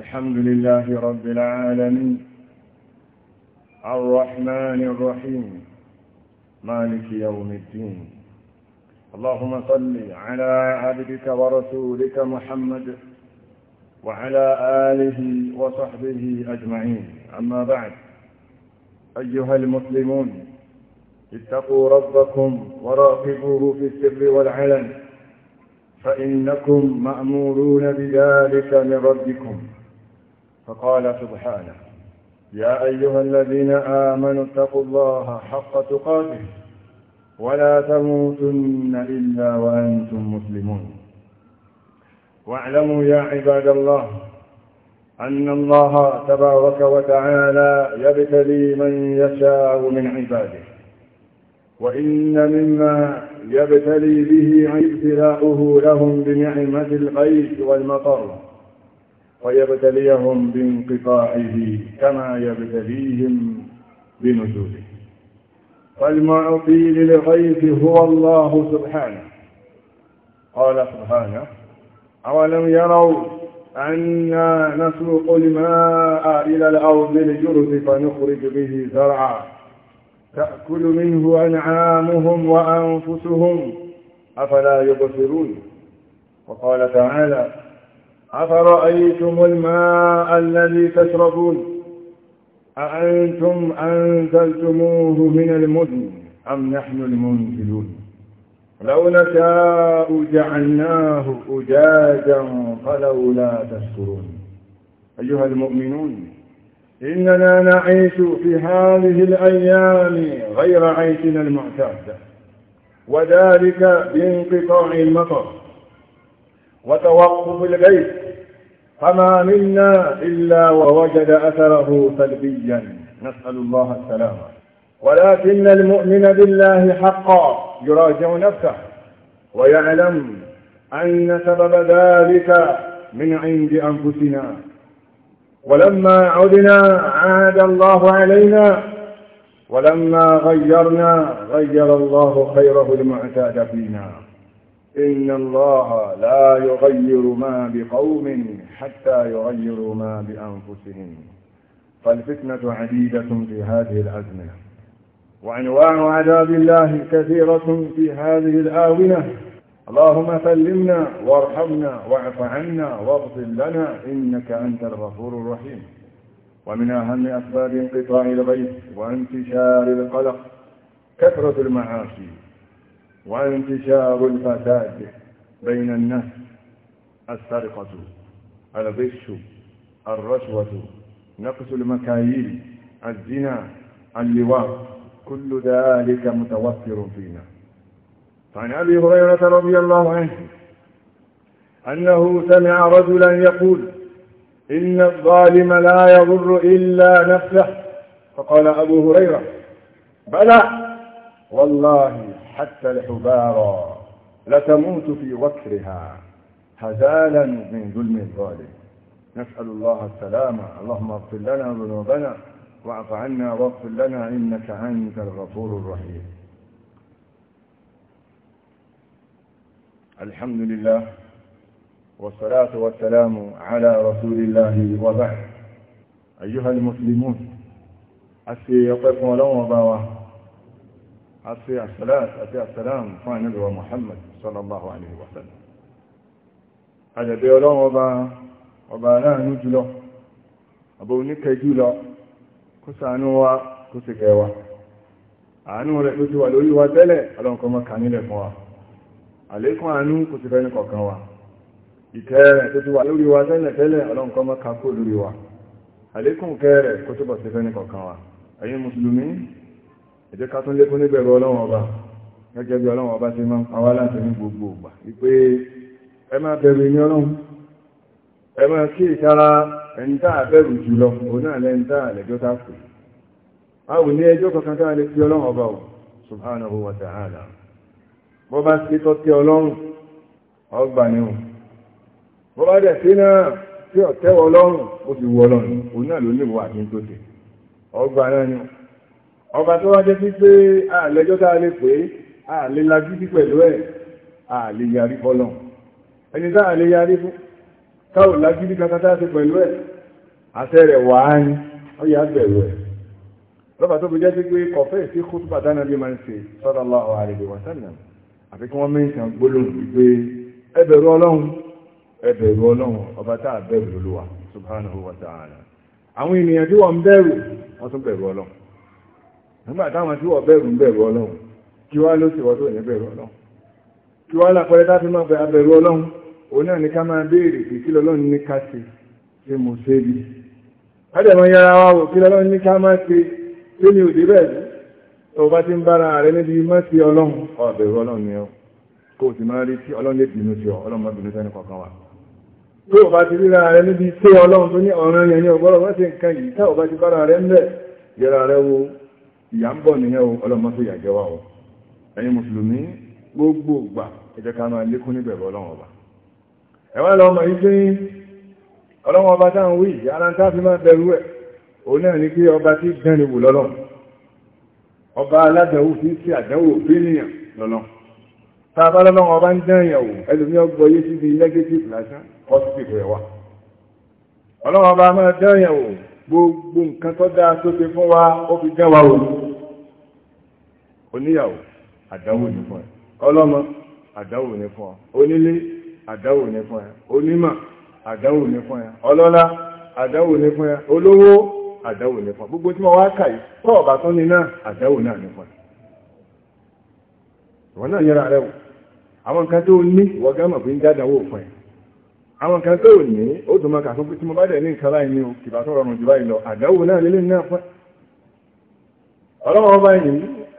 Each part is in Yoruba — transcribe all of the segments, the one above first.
الحمد لله رب العالمين الرحمن الرحيم مالك يوم الدين اللهم صل على عبدك ورسولك محمد وعلى آله وصحبه أجمعين أما بعد أيها المسلمون اتقوا ربكم وراقبوه في السر والعلن فإنكم مأمورون بذلك من ربكم فقال سبحانه يا أيها الذين آمنوا اتقوا الله حق تقاته ولا تموتن إلا وأنتم مسلمون واعلموا يا عباد الله أن الله تبارك وتعالى يبتلي من يشاء من عباده وإن مما يبتلي به ابتلاؤه لهم بنعمة الغيث والمطر ويبتليهم بانقطاعه كما يبتليهم بنزوله والمعطي للغيث هو الله سبحانه قال سبحانه أولم يروا أنا نسوق الماء إلى الأرض الجرز فنخرج به زرعا تأكل منه أنعامهم وأنفسهم أفلا يبصرون وقال تعالى أفرأيتم الماء الذي تشربون أأنتم أنزلتموه من المدن أم نحن المنزلون لو نشاء جعلناه أجاجا فلولا تشكرون أيها المؤمنون إننا نعيش في هذه الأيام غير عيشنا المعتاد وذلك بانقطاع المطر وتوقف الغيث فما منا إلا ووجد أثره سلبيا نسأل الله السلامة ولكن المؤمن بالله حقا يراجع نفسه ويعلم أن سبب ذلك من عند أنفسنا ولما عدنا عاد الله علينا ولما غيرنا غير الله خيره المعتاد فينا إن الله لا يغير ما بقوم حتى يغيروا ما بأنفسهم فالفتنة عديدة في هذه الأزمنة وعنوان عذاب الله كثيرة في هذه الآونة اللهم سلمنا وارحمنا واعف عنا واغفر لنا إنك أنت الغفور الرحيم ومن أهم أسباب انقطاع الغيث وانتشار القلق كثرة المعاصي وانتشار الفساد بين الناس السرقة الغش الرشوة نقص المكاييل الزنا اللواء كل ذلك متوفر فينا فعن أبي هريرة رضي الله عنه أنه سمع رجلا يقول إن الظالم لا يضر إلا نفسه فقال أبو هريرة بلى والله حتى الحبارى لتموت في وكرها هزالا من ظلم الظالم نسأل الله السلامة اللهم اغفر لنا ذنوبنا واعف عنا واغفر لنا إنك أنت الغفور الرحيم الحمد لله والصلاة والسلام على رسول الله وبعد أيها المسلمون أسي يقف ولو باوه àti àsàlátù àti àsàlámù fún àníbíwa Muhammad sallallahu alaihi wa sallam àjẹ̀bẹ̀ ọlọ́run ọba ọba aláàánú jùlọ ọba oníkẹ́ jùlọ kó ṣàánú wa kó sì kẹ́ wa àánú rẹ̀ ló ti wà lórí wa tẹ́lẹ̀ ọlọ́run kó má tó ti wà lórí wa ẹ̀jẹ́ ká tún lékún níbẹ̀rù ọlọ́wọ́n ọba gẹ́gẹ́ bí ọlọ́wọ́n ọba ṣe máa ń pàwá láti ní gbogbo ìgbà wípé ẹ máa bẹ̀rù ní ọlọ́run ẹ máa kí ìtara ẹni tá àbẹ̀rù jùlọ òun náà lẹ́ni tá àlẹ́jọ́ tá pè á wù ní ẹjọ́ kankan tá a lè fi ọlọ́run ọba ò subhanahu ọgbà náà ni ọba tó wá jẹ́ sí pé àlẹ́jọ́ tá a lè pé àlè lajú sí pẹ̀lú ẹ̀ àlè yarí fọ́lọ̀ ẹni tá àlè yarí fún káò lajú sí kankan tá a ti pẹ̀lú ẹ̀ àṣẹ rẹ̀ wà á ní ó yà bẹ̀rù ẹ̀ lọ́ba tó fi jẹ́ sí pé kọ̀fẹ́ sí kútu pàtàkì bí máa ń ṣe sallallahu alaihi wa àwọn ènìyàn tí wọ́n bẹ̀rù wọ́n tún bẹ̀rù ọlọ́run nígbà táwọn tí wọ́n bẹ̀rù ń bẹ̀rù ọlọ́run kí wá ló sì wọ́n tó ní bẹ̀rù ọlọ́run kí wá lápẹẹrẹ tá fi máa bẹ abẹ̀rù ọlọ́run òun náà ni ká máa béèrè pé kí lọ́lọ́run ní ká ṣe ṣe mo ṣe bí ádẹ̀mọ́ yára wá wò kí lọ́lọ́run ní ká máa ṣe ṣe mi ò dé bẹ́ẹ̀ sí tó bá ti ń bára rẹ níbi mọ́ sí ọlọ́run ọ̀bẹ̀rù o sì máa rí tí ọlọ́run lè bínú sí ọ ọlọ́run máa bínú o bá ti ríra rẹ níbi ṣé ọlọ́run tó ní ọ̀ràn yẹn ní ọgbọ́rọ̀ wọ́n ti nǹkan yìí tá o bá ti bára rẹ ń bẹ̀ yẹra rẹ wo ìyà ń bọ̀ nìyẹn o ọlọ́mọ́sí ìyà jẹ́wà o ẹ̀yin mùsùlùmí gbogbo gbà ẹ jẹ́ ká máa lékún níbẹ̀rẹ̀ ọlọ́wọ́n ọba ẹ̀wà lọ́mọ yìí pé ọlọ́wọ́n ọba táwọn wí ara ń táfi máa bẹ̀rù ẹ̀ òun náà ní pé ọba tí dẹ́ni wò lọ́lọ́ ọba aládàáwò fi ń ṣe àdánwò bíníyàn lọ́lọ́ tá a bá lọ́lọ́wọ́n ọba ń dẹ́yìn ẹ̀wò ẹlòmí ọgbọ yé síbi negative lásán oníyàwó àdáwò ní fún ẹ ọlọmọ àdáwò ní fún ẹ onílé àdáwò ní fún ẹ àdáwò ní fún ẹ àdáwò ní fún ẹ olówó àdáwò ní gbogbo tí wọ́n wá kà yìí tọ́ ọ̀bà tán ní náà àdáwò náà ní fún ẹ ìwọ náà yẹra rẹ wò àwọn nǹkan tó ní ìwọ gámọ̀ fi ń jádàwò fún ẹ àwọn tó ní ó máa kà fún pé o kìbà tó rọrùn jù báyìí lọ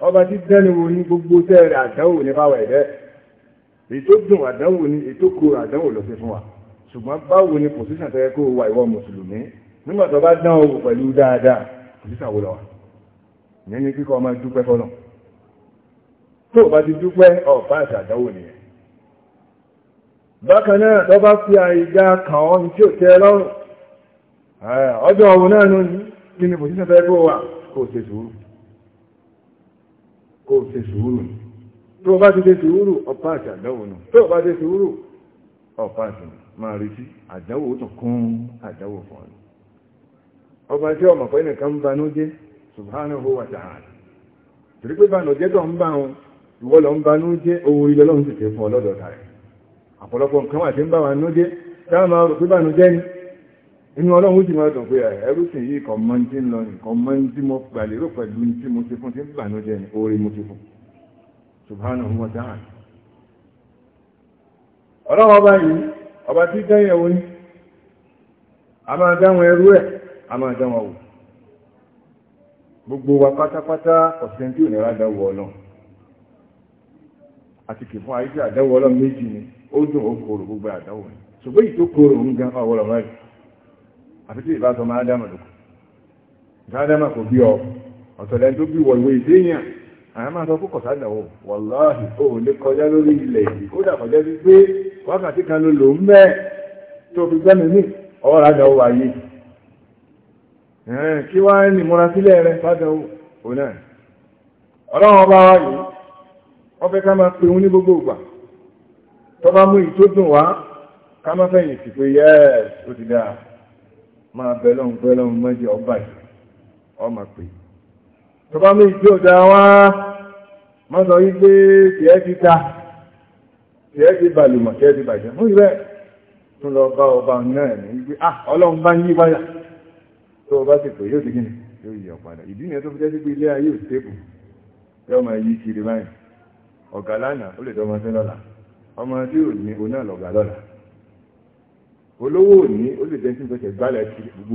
ọba tí dẹ́nu ní gbogbo tẹ́rẹ àdánwò ní báwọ̀ ẹ̀dẹ́ ètò dùn àdánwò ní ètò kòrò àdánwò lọ sí fún wa ṣùgbọ́n báwo ni pòsíṣàn tẹ́rẹ kó wà ìwọ mùsùlùmí nígbà bá dán pẹ̀lú dáadáa pòsíṣàn wo lọ wà kíkọ́ ọmọ dúpẹ́ fọ́nà tó bá ti dúpẹ́ ọ̀pá àti àdánwò nìyẹn bákan náà tó bá fi àìgá kàn ọ́ ní tí ò tẹ́ lọ́rùn ọjọ́ òun náà ní kí ni tẹ́rẹ kó wà kó ṣe sùúrù kó ṣe sùúrù tó bá ti ṣe sùúrù ọ̀pá àti àdánwò nù tó bá ṣe sùúrù ọ̀pá àti máa retí àdánwò tó kún àdánwò fún ọ ọba tí ọmọ pé nìkan ń banú jẹ́ torí pé banú jẹ́ tó ń bá wọn ìwọ lọ ń banú jẹ́ ilẹ̀ sì ṣe fún rẹ̀ àpọ̀lọpọ̀ nǹkan wà tí ń bá wa nú jẹ́ máa inú ọlọ́run ó sì máa dùn pé ẹrúsìn yìí kan mọ́ tí ń lọ tí mo gbà lérò pẹ̀lú tí mo ti fún tí ń bànújẹ́ ọba yìí ọba tí dẹ́yẹ̀ wo ní a máa dáwọn ẹrú ẹ̀ a máa dáwọn wò gbogbo wa pátápátá ọ̀sẹ̀ tí ò nira dáwọ̀ ọlọ́run àti kì fún ayé tí àdáwọ̀ ọlọ́run méjì ni ó dùn ó gbogbo àdáwọ̀ ṣùgbọ́n àfi tí ìbá máa dámà lòkù ìdádámà kò bí ọ ọ̀tọ̀lẹ́ tó bí wọ ìwé àwọn máa sọ kókọ̀ sádàwò wọ̀láhì ó lè kọjá lórí ilẹ̀ yìí ó dà sí pé wákàtí kan ló lò ń bẹ́ tó fi gbẹ́mi ní ayé kí wá ní múra sílẹ̀ rẹ ọlọ́run ọba wa yìí wọ́n fẹ́ ká máa pe òun ní gbogbo ìgbà bá mú wá ká Ma bẹ̀lọ́un bẹ̀lọ́un mọ́jẹ ọba yìí ọmọ pé tó bá mú ìjọ ọ̀dá wá mọ́sọ̀ yí pé tí ẹ ti ta tí ẹ ti bàlùmọ̀ tí ẹ ti bàjẹ́ mú ìrẹ́ tó lọ bá ọba náà ní wípé ah ọlọ́run bá ń yí padà tó o bá ti pè yóò ti gíní yóò yí ọ̀padà ìdí nìyẹn tó fi jẹ́ pé ilé ayé ò stable yóò máa yí kiri báyìí ọ̀gá lánàá ó lè dọ́mọ sí lọ́la ọmọ tí ò ní oná lọ̀gá lọ́la olówó òní ó lè jẹ́ ti gbogbo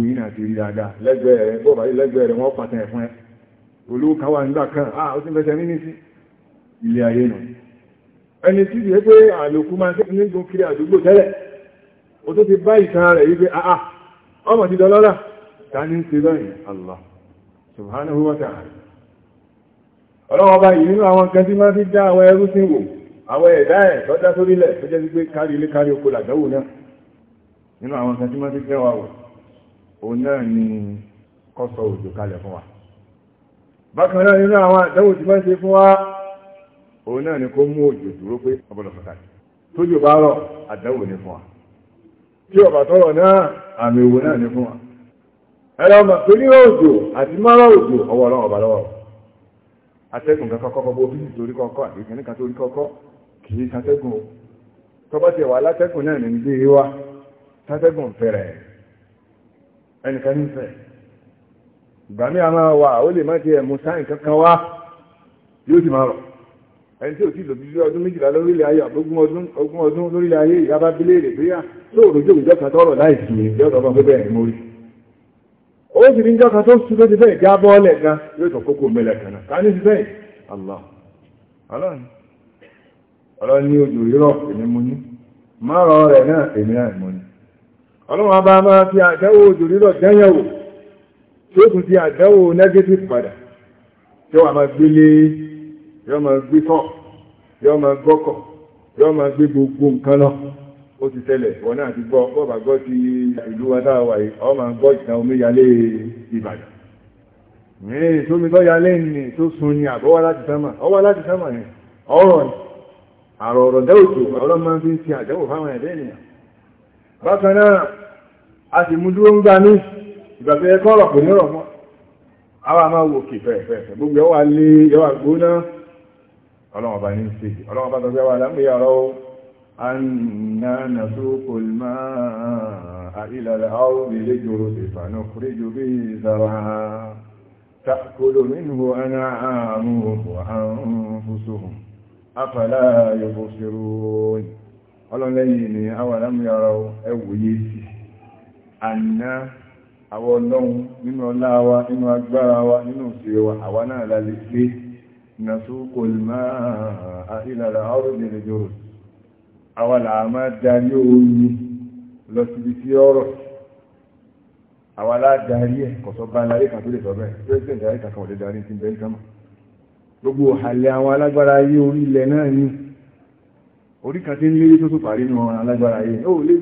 yìí náà ti rí dáadáa lẹ́gbẹ̀ẹ́ rẹ̀ bọ́ọ̀bà yìí lẹ́gbẹ̀ẹ́ rẹ̀ wọ́n pàtẹ́ ẹ̀fún ẹ̀ olówó kan wà nígbà kan ah ó ti fẹsẹ̀ ní ilé ayé nù ẹni tí ìdí pé àlòkù máa ń nígun kiri ti bá rẹ̀ ah, ah, ọmọ ta ní Allah subhanahu wa ta'ala bá yìí nínú àwọn nǹkan tí máa fi dá àwọn ẹrú sí wò àwọn ẹ̀dá ẹ̀ tọ́já tó jẹ́ sí nínú àwọn kan tí wọ́n ti kẹwàá wò òun náà ni kọ́sọ̀ òjò kalẹ̀ fún wa bákan náà nínú àwọn àdánwò tí wọ́n ṣe fún wa òun náà ni kó mú òjò dúró pé ọgbọ́dọ̀ pàtàkì tójò bá rọ̀ àdánwò ni fún wa tí ọ̀bà tọrọ náà àmì òwò náà ni fún wa ẹ̀rọ ọmọ pé ní òjò àti mọ́rọ̀ òjò ọwọ́ ọlọ́run ọba lọ́wọ́ atẹ́gùn kankan kọ́kọ́ bó bí torí kọ́kọ́ àti kìnnìkan torí kọ́kọ́ kì í satẹ́gùn tọ́bọ́tẹ̀ wà látẹ́gùn náà ní gbé wa tátẹ́gùn fẹ́rẹ̀ ẹnìkan nífẹ̀ ìgbà mí a máa wà ó lè má ti ẹ̀mú sáyìn kankan wá yóò ti máa rọ̀ ẹni tí ò tí lòdì sí ọdún méjìlá lórílẹ̀ ayé àbógún ọdún ogún ọdún lórílẹ̀ ayé ìyábá bílé èrè pé yá tó òròjò òjò kan tọrọ láìsí ìjọ ọ̀dọ́ pé bẹ́ẹ̀ ni mo rí ó sì ní ìjọ kan tó sùn ló ti bẹ́ẹ̀ já bọ́ọ̀lẹ̀ gan yóò tó kókó mẹ́lẹ̀ kan náà ká ní bẹ́ẹ̀ Allah ọlọ́run ọlọ́run ojú ìrọ̀ èmi mo ní márọ̀ rẹ̀ náà èmi náà mo ní ọlọ́run a bá máa fi àdáwò òjò rírọ̀ dányẹ̀wò tí ó tún ti àdáwò negative padà tí ó wà máa gbélé yọ́ máa gbé tọ́ yọ́ máa gbọ́kọ̀ yọ́ máa gbé gbogbo nǹkan lọ ó ti tẹ́lẹ̀ wọ́n náà ti gbọ́ bọ́ọ̀bà gbọ́ ti ìlú adáwà yìí ọ máa gbọ́ ìtàn omíyalé ìbàdàn mìíràn tó mi lọ́ya lẹ́yìn tó sun ni àbọ́wá láti sámà ọwá láti sámà ni bákan náà a sì mú dúró ń gbà ní ìgbàgbé ẹkọ́ ọ̀rọ̀ pè ní ọ̀rọ̀ mọ́ àwọn àmà wò kì fẹ̀fẹ̀fẹ̀ gbogbo ẹwà lé ẹwà gbóná ọlọ́wọ́n bá ní ń ṣe ọlọ́wọ́n bá tọ́jú ẹwà ọ̀rọ̀ anna nasuqu al-ma'a ila al-ardi lijurufa nukhriju bihi zar'an ta'kulu minhu an'amuhum wa anfusuhum afala yubsirun ọlọ́lẹ́yìn àná àwọn ọlọ́run nínú ọlá wa nínú agbára wa nínú òṣèré wa àwa náà lálẹ́ pé nàṣókò máa ìlàlà ọ̀rọ̀dẹ̀rẹ̀ jọrọ̀ àwa làá máa darí omi lọ síbi sí ọ̀rọ̀ àwa láà darí ẹ̀ kọ̀sọ́ bá ńlá ríkà tó lè sọ bẹ́ẹ̀ pẹ́sẹ̀ntì àríkà kan ò lè darí ti bẹ́ẹ̀ sọ́mọ̀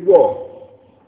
gbogbo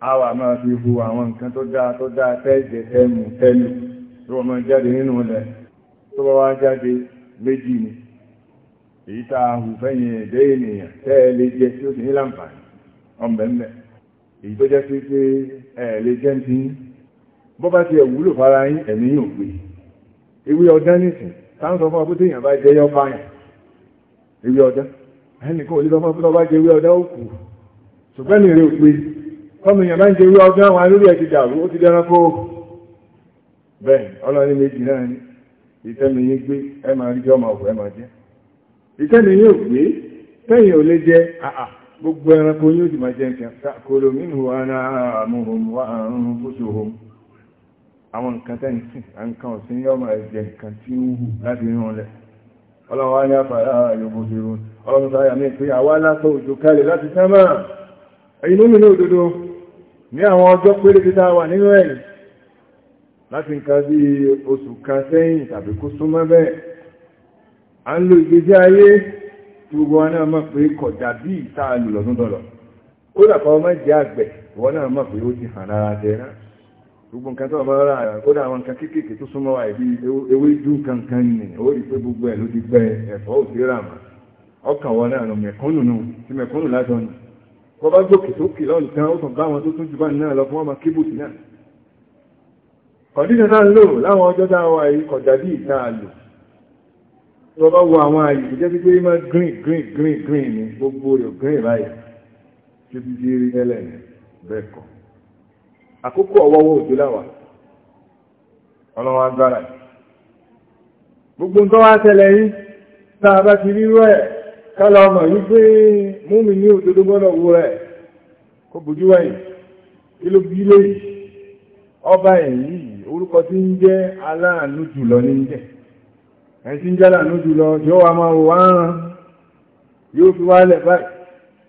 àwà máa fi hu àwọn nǹkan tó dáa tó dáa tẹ́ẹ̀jẹ̀ tẹ́ẹ̀mù tẹ́lù tó wọ́n máa jáde nínú ilẹ̀ tó bá wá jáde méjì ni èyí tá a hù fẹ́yìn ẹ̀dẹ́ ènìyàn tẹ́ẹ̀ lè jẹ tí ó sì ní láǹfààní ọmọbẹ̀mẹ̀ èyí tó jẹ́ sí pé ẹ̀ lè jẹ́ ti yín bọ́ bá ti ẹ̀ wúlò fara yín ẹ̀mí yóò pé ewé ọdán nìsín táwọn sọ fún ọ pé téèyàn bá jẹ yọ fáyàn ewé ọdán ẹnìkan ò fún ọ pé tó ewé ọdán ó ṣùgbọ́n ní èrè òpin tọ́mù èèyàn bá ń jẹ́ irú ọdún àwọn alórí ẹ̀ ti dàrú ó ti dẹ́ran kó bẹ́ẹ̀ ọlọ́run méjì náà ni ìtẹ́mi gbé ẹ máa rí ọmọ ọ̀pọ̀ máa jẹ́ gbé tẹ́yìn ò lè jẹ́ àà gbogbo ẹranko yóò sì máa jẹ́ nǹkan kòlò mínú ara àmúhùn wá àrùn bóṣòhùn àwọn nǹkan tẹ́yìn sí nǹkan nǹkan tí ń hù láti ọlọ́wọ́ ní ọlọ́run sáyà mí ní àwọn ọjọ́ péré títà wà nínú ẹ̀yìn láti nǹkan bí oṣù kan sẹ́yìn tàbí kó súnmọ́ bẹ́ẹ̀ a ń lo ìgbésí ayé tí gbogbo wa náà mọ̀ pé kọjá bí ìta lù lọ́dún dọ̀lọ̀ ó dàpọ̀ ọmọ jẹ́ àgbẹ̀ ìwọ náà mọ̀ pé ó ti hàn lára jẹ náà gbogbo nǹkan tó ọmọ rà kódà àwọn nǹkan kéékèèké tó súnmọ́ wa ìbí ewé dú kankan nì ó rí pé gbogbo ẹ̀ ló ti gbẹ ẹ̀fọ́ òsì rà mà ọkàn wọn náà mẹ̀kúnnù nù ti mẹ̀kúnnù látọ̀ wọ́n bá gbòkè sókè lọ́nà tán ó tàn bá wọn tó tún jù bá náà lọ fún ọmọ kébùtì náà kọ̀díṣẹ́ náà lò láwọn ọjọ́ dáwà yìí kọjá bí ìta lò tó bá wo àwọn àyè jẹ́ pípé mọ́ green green green green ní gbogbo rẹ̀ green báyìí tí bí di rí ẹlẹ̀ bẹ́ẹ̀ kọ́ àkókò ọwọ́wọ́ òjò láwà ọlọ́wọ́ agbára gbogbo nǹkan wá tẹ́lẹ̀ yìí tá a bá ti rírọ́ ẹ̀ kálọ̀ ọmọ yìí pé múmi ni òdodo gbọ́dọ̀ wo rẹ̀ kó bójú ọba ẹ̀yìn orúkọ tí ń jẹ aláàánú jùlọ ní jẹ́ ẹni tí ń jẹ aláàánú jùlọ yóò wá máa yóò fi wálẹ̀ báyìí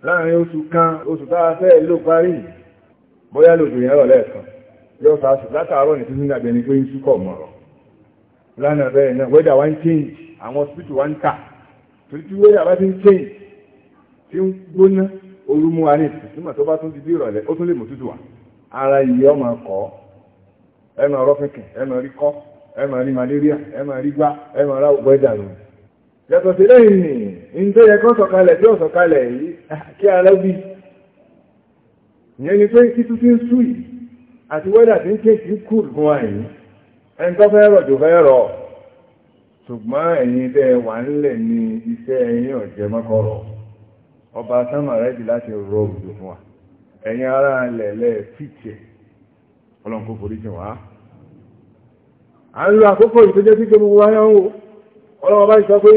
láàrin oṣù kan oṣù tára fẹ́ ló parí bóyá lòdù yẹn rọ̀ lẹ́ẹ̀kan yóò látàárọ̀ ní títí pé ń súkọ̀ mọ̀rọ̀ lánàá bẹ́ẹ̀ náà wẹ́dà wá ń change àwọn torí tí wéyà bá ti ń tẹ́yìn tí ń gbóná ooru mú wa ní tó bá tún ti bí ìrọ̀lẹ́ ó tún lè mú tútù wá ara yìí ọmọ kọ́ ẹ máa rọ́ fínkì ẹ máa rí kọ́ ẹ máa rí malaria ẹ máa rí gbá ẹ máa rá ògbọ́ ẹ̀dà lónìí yàtọ̀ sí lẹ́yìn ní ní tó yẹ sọ̀kalẹ̀ tí ó sọ̀kalẹ̀ yìí kí ara bí ìyẹn ni pé títú ti ń sú àti wẹ́dà ti ń kéèkì kúrù fún wa yìí ẹni tó fẹ́ rọ̀ jù fẹ́ rọ̀ ṣùgbọ́n ẹ̀yin tẹ́ wà nílẹ̀ ní iṣẹ́ ẹ̀yin ọ̀jẹ́ mọ́kọ̀rọ̀ ọba sánmà rẹ́jì láti rọ òjò fún wa ara lẹ̀lẹ̀ fìtẹ̀ ọlọ́nkó forí wá a ń lo àkókò ìtọ́jẹ́ tí gbogbo wa yán wò ọlọ́wọ́ bá pé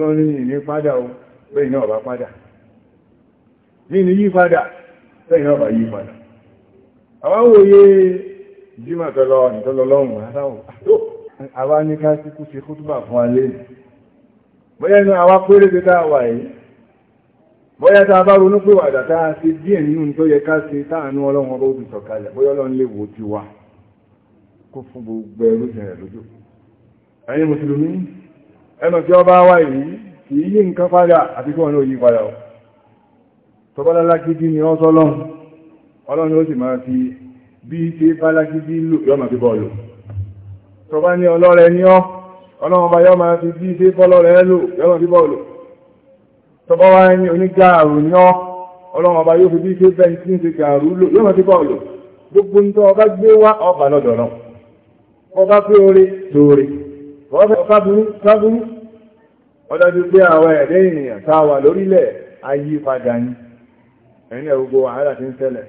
lọ èmi ní ní yípadà lẹ́yìn ọba yípadà àwọn òye jímà tọ́lọ ìtọ́lọlọ́run aláwọ̀ àwa ní ká síkú ṣe kútùbà fún alẹ́ bóyá inú àwa péré ti táà wà yìí bóyá tá a bá ronú pé wàdà tá a ṣe díẹ̀ nínú tó yẹ ká ṣe táànú ọlọ́run ọba òbí sọ̀kalẹ̀ bóyá ọlọ́run lè wò ti wà kó fún gbogbo ẹrú ìṣẹ̀lẹ̀ lójú ẹ̀yin mùsùlùmí ẹnu tí ọba wà yìí kì yí nǹkan padà àti kí wọn náà yí padà tọ́bọ́lálágídí ni wọ́n sọ́lọ́run ọlọ́run ó sì máa fi bí ṣe bálágídí lò yọ́ máa fi bọ́ọ̀lù tọ́bá ní ọlọ́rẹ ní ọ́ ọlọ́run bá yọ́ máa fi bí ṣe bọ́lọ́rẹ lò yọ́ máa fi bọ́ọ̀lù tọ́bá wá ní onígààrù ní ọ́ ọlọ́run bá yóò fi bí ṣe bẹ́ẹ̀ tí ń ṣe gààrù lò yọ́ ẹ̀yìn ẹ̀gbogbo wàhálà ti ń tẹ́lẹ̀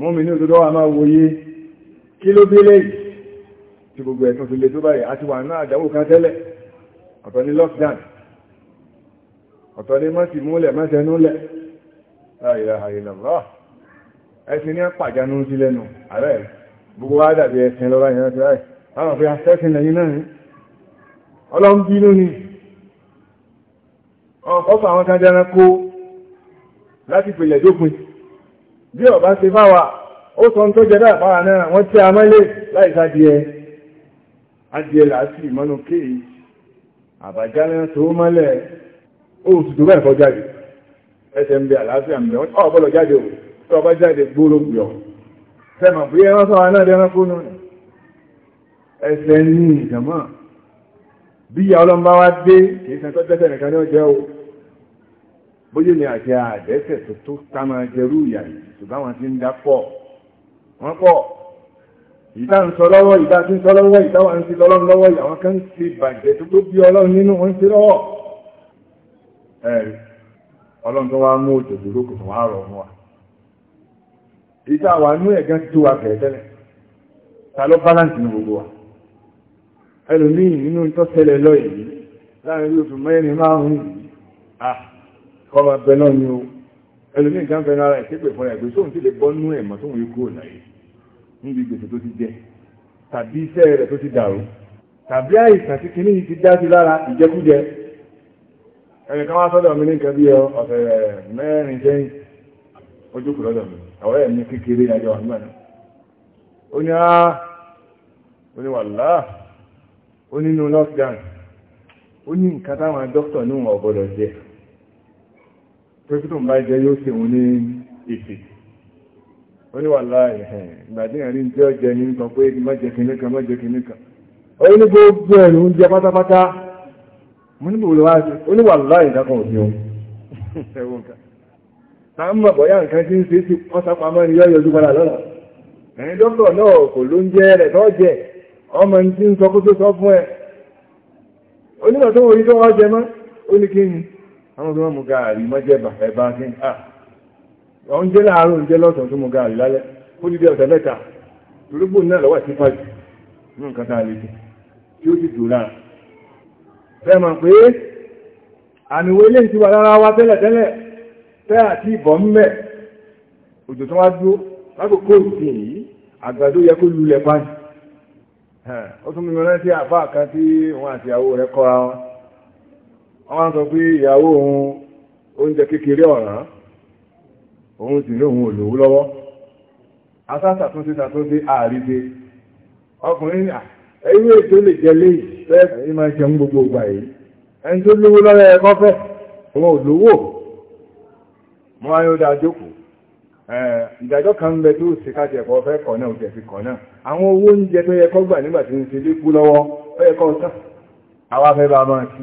mọ́mí ní òdòdó wà máa wòye kí ló délé tí gbogbo ẹ̀tún fi lè tó báyìí àti wà náà àdáwò kan tẹ́lẹ̀ ọ̀tọ̀ ní lockdown ọ̀tọ̀ ní mọ́sí múlẹ̀ mọ́sẹ̀núlẹ̀ ẹ̀sìn ní pàjánú sí lẹ́nu ààrẹ gbogbo wá dàbí ẹ̀sìn lọ́rọ̀ ìyẹn ti ráì láwọn fi asẹ́sìn lẹ́yìn náà ní ọlọ́mbínú ni ọ̀pọ̀ àwọn kan jẹ́ranko láti pèlẹ̀ dópin bí ọba ṣe wa ó sọ tó jẹ náà fáwa náà wọ́n tí a mọ́lé láì sádìẹ adìẹ láti ìmọ́nú kéèyí àbájálẹ̀ tó mọ́lẹ̀ oṣù tó bẹ́ẹ̀ kọ jáde ẹsẹ̀ ń bẹ àlàáfíà ń bẹ ọ̀bọ̀lọ̀ jáde ò tó ọba jáde gbóró gbìyọ sẹ́mọ̀ bí ẹran sọ́wọ́ náà dẹ́ran kó nù ẹsẹ̀ ní ìjàmọ́ bí ìyá ọlọ́mbá wá dé kìí sẹ́ńtọ́ tẹ́sẹ̀ nìkan ní ọjọ́ bóyá ni àti àdẹ́sẹ̀ tó tó ká máa jẹrú ìyà yìí ṣùgbọ́n àwọn ti ń dá pọ̀ wọ́n pọ̀ ìdá ń sọ lọ́wọ́ ìdá tí ń sọ lọ́wọ́ ìdá wà ń sí lọ́lọ́run lọ́wọ́ àwọn kan ti bàjẹ́ tó tó bí ọlọ́run nínú wọn sí lọ́wọ́ ẹ̀rí ọlọ́run tó wá mú òjò dúró kò wá rọ̀ wọn ìdá wà nú ẹ̀gán tó wà ta ló ní gbogbo wa ẹlòmíì nínú tó lọ yìí láàrin oṣù mẹ́rin márùn-ún yìí ah, kọ́ máa bẹ náà ni o ẹlòmíì kan fẹ́ nára ìṣépè fún ẹgbẹ́ tóun ti lè bọ́ nú ẹ̀mọ́ tóun yóò kúrò láyé níbi gbèsè tó ti jẹ tàbí iṣẹ́ rẹ̀ tó ti dàrú tàbí àìsàn tí kìíní yìí ti dá sí lára ìjẹkújẹ ẹnìkan wá sọ́dọ̀ mi ní nǹkan bí ọ̀sẹ̀ mẹ́rin sẹ́yìn ó jókòó lọ́dọ̀ mi ọ̀rẹ́ mi kékeré ayọ̀ àmì àná ó ní á ó ní wàlá ó nínú lockdown ó ní nǹkan táwọn dókítà ní òun ọ̀gbọ́dọ̀ jẹ́ pẹ́kítò ń bá jẹ́ yóò ṣe òun ní ìfì ó ní wà láàrin ìgbàdíyàn rí jẹ́ ọjẹ́ yìí nǹkan pé mọ́jẹ́ kìíní kan mọ́jẹ́ kìíní kan ó ní gbogbo ẹ̀rù oúnjẹ pátápátá mo ní bòrò wá sí ó ní wà láàrin ìdákan òsì ohun ẹ̀wọ̀n kan ta ń mọ̀ bọ́yá nǹkan tí ń ṣe náà kò ló ń jẹ́ rẹ̀ tọ́jẹ́ ọmọ ní ń sọ kó tó sọ fún ẹ onígbà tó wọ́n jẹ mọ́ ó àwọn tó wọ́n mú gaàrí mọ́jẹ́bà ẹ̀bá sí à wọ́n jẹ́ láàárọ̀ oúnjẹ lọ́sàn tó mú gaàrí lálẹ́ ó dídé ọ̀sẹ̀ mẹ́ta torípò náà sí pàjù ní nǹkan tá lè tí ó sì dùn láà fẹ́ mọ̀ pé àmì wo ilé wà lára wa tẹ́lẹ̀ tẹ́lẹ̀ àti mẹ́ òjò tó wá dúró lákòókò ìsìn yìí àgbàdo yẹ kó lulẹ̀ ó tún mímọ́ kan tí òun àti ìyàwó kọ́ra wọn wọ́n sọ pé ìyàwó òun oúnjẹ kékeré ọ̀ràn òun sì ní òun ò lówó lọ́wọ́ asásàtúnṣe sàtúnṣe àríbe ọkùnrin ẹ̀yìn ètò lè jẹ léyìí fẹ́ẹ̀kì ní máa jẹun gbogbo ìgbà yìí ẹni tó lówó lọ́rẹ́ ẹ̀kọ́ fẹ́ òun ò lówó mọ́ ayé ó dáa jókòó ìdájọ́ kan bẹ tó sì ká ẹ̀kọ́ fẹ́ kọ̀ náà jẹ́ fi kọ̀ náà àwọn owó oúnjẹ tó yẹ kọ́ gbà nígbà ń ṣe lé kú lọ́wọ́ ó yẹ kọ́ bá máa kí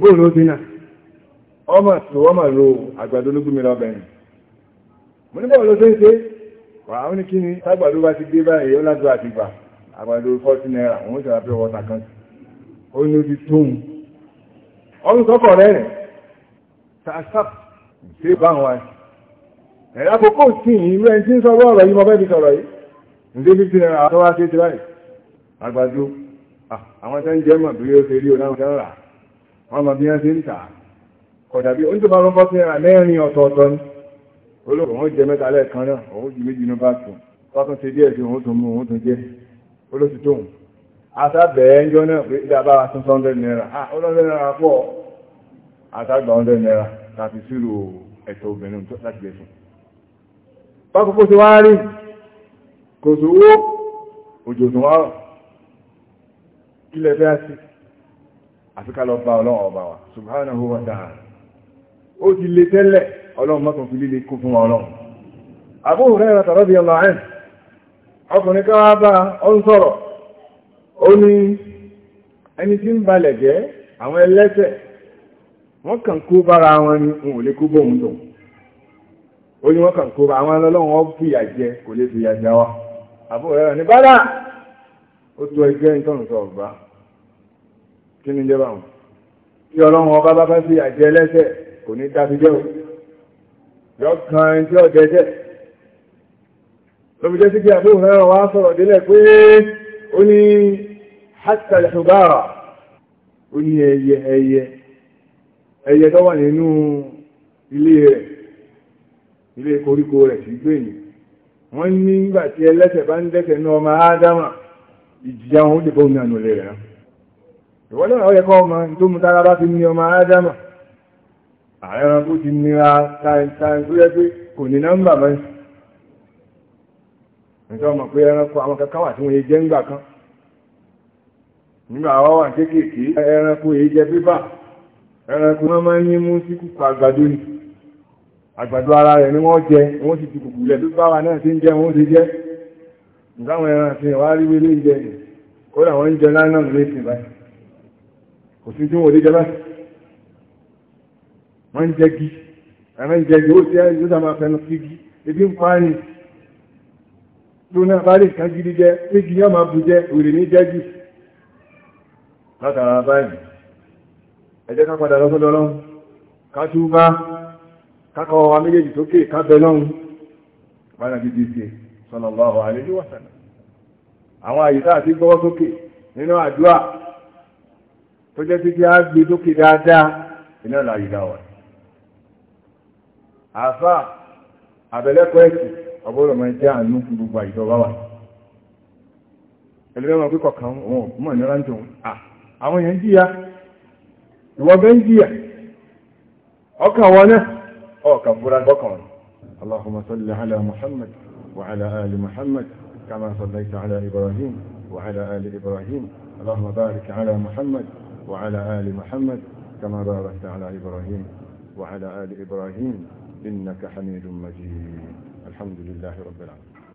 bóòlù ó dínà ọmọ sọ ọmọ ro àgbàdo ológúnmi lọ́bẹ̀rin mo ní bọ́ọ̀lù ó ṣe wà á ní kí ni tágbàdo bá ti dé báyìí ó lájọ àtìgbà àgbàdo 40 naira òun ṣe àfihàn wọ́ta kan ó ní ojú tóun ọdún sọ́kọ̀ rẹ̀ rẹ̀ tàṣàp ṣe bá wọn ẹ̀rọ àkókò sí ìlú ẹni tí ń sọ ọ̀rọ̀ yìí mo fẹ́ fi sọ̀rọ̀ yìí ǹdé 15 naira wọ́n mọ̀ bí wọ́n ṣe ń tà kọ̀dàbí oúnjẹ bá lọ́kọ́ sí ẹ̀rà mẹ́rin ọ̀tọ̀ọ̀tọ̀ ni olóòrùn wọ́n jẹ mẹ́ta lẹ́ẹ̀kan náà òun jù méjì inú bá tún wọ́n tún ṣe díẹ̀ sí òun tún mú òun tún jẹ́ olóṣù tóun àtàbẹ̀ẹ́ ń jọ náà pé ìdábà tún sọ́ndẹ̀ náírà ọlọ́dẹ̀ náírà pọ̀ àtàgbà ọ̀ndẹ̀ náírà láti sírò ẹ̀tọ́ obìnrin láti gbẹ̀sùn pápápọ̀ sí wá rí kò sówó òjò tún wárọ̀ ilẹ̀ fẹ́ àti àfikà lọ bá ọlọ́run ọba wa subhanahu wa ta'ala ó ti lè tẹ́lẹ̀ ọlọ́run mọ́tún fi líle kó fún ọlọ́run Abu Hurairah radiyallahu anhu ọkùnrin ká wá bá ọ ń sọ̀rọ̀ ó ní ẹni tí ń balẹ̀ jẹ́ àwọn ẹlẹ́sẹ̀ wọ́n kàn kó ni wọn ò lè kó bóun tó ó ní wọ́n kàn ọ fìyà jẹ kò lè fìyà jẹ wa ní ó tó ẹgbẹ́ kí ni jẹba wọn tí ọlọ́run ọba bá fẹ́ sí àjẹ ẹlẹ́sẹ̀ kò ní dá fi jẹ́ o lọ́kàn ẹni tí ọ̀jẹ́ jẹ́ lọ́bi jẹ́ sí kí àbúrò náà wá sọ̀rọ̀ délẹ̀ pé ó ní hátàlẹ̀ ṣùgbára ó ní ẹyẹ ẹyẹ ẹyẹ tó rẹ̀ ìwọ́n náà ọ̀yẹ́ kọ́ ọmọ tó mú tára bá fi ní ọmọ ádámà ààrẹ ẹranko ti nira táìtàì tó yẹ pé kò ní nọ́mbà mọ́ nǹkan ọmọ pé ẹranko àwọn kankan wà tí wọ́n yẹ jẹ́ ńgbà kan nígbà àwọn wà kéékèèké ẹranko èyí jẹ pépà ẹranko wọn máa ń yín mú sí kúkú àgbàdo ni àgbàdo ara rẹ̀ ni wọ́n jẹ wọ́n sì ti kùkù lẹ̀ tó bá wa náà ti ń jẹ wọ́n ti jẹ́ nǹkan àwọn ẹran àti ìwárí wílé ń jẹ kó làwọn ń jẹ lánàá lóṣù báyìí kò sí tí wọ́n lè jẹ́lá wọ́n ń jẹ́gi ẹ̀rọ ń jẹ́gi ó ti ẹ́ yóò dá máa fẹ́nu sí gi ebi ń pa ni tó náà bá lè kán gidi jẹ́ igi yóò máa bu jẹ́ òrè ní jẹ́gi látara báyìí ẹ jẹ́ ká padà lọ́sọ́dọ̀ lọ́hùn ká túbá kákọ̀ wa méjèèjì tókè ká bẹ lọ́hùn bá nàbí ti sallallahu alaihi wa sallam àwọn àyíká àti gbọ́wọ́ sókè nínú àdúrà tó jẹ́ sí kí á gbé dókè dáadáa iná là yìí dáwà àfà àbẹ̀lẹ́kọ̀ọ́ ẹ̀sìn ọgbọ́dọ̀ máa jẹ́ àánú fún gbogbo àìjọba wà ẹlẹ́mọ̀ pé kọ̀kan wọn mọ̀ ní rántí wọn àwọn èèyàn jíya ìwọ̀gbẹ́ ń jíya ọkàn wọn náà ọkàn fúra bọ́kàn wọn اللهم صل على محمد وعلى آل محمد كما صليت على إبراهيم وعلى آل إبراهيم اللهم بارك على محمد وعلى آل محمد كما باركت على إبراهيم وعلى آل إبراهيم إنك حميد مجيد الحمد لله رب العالمين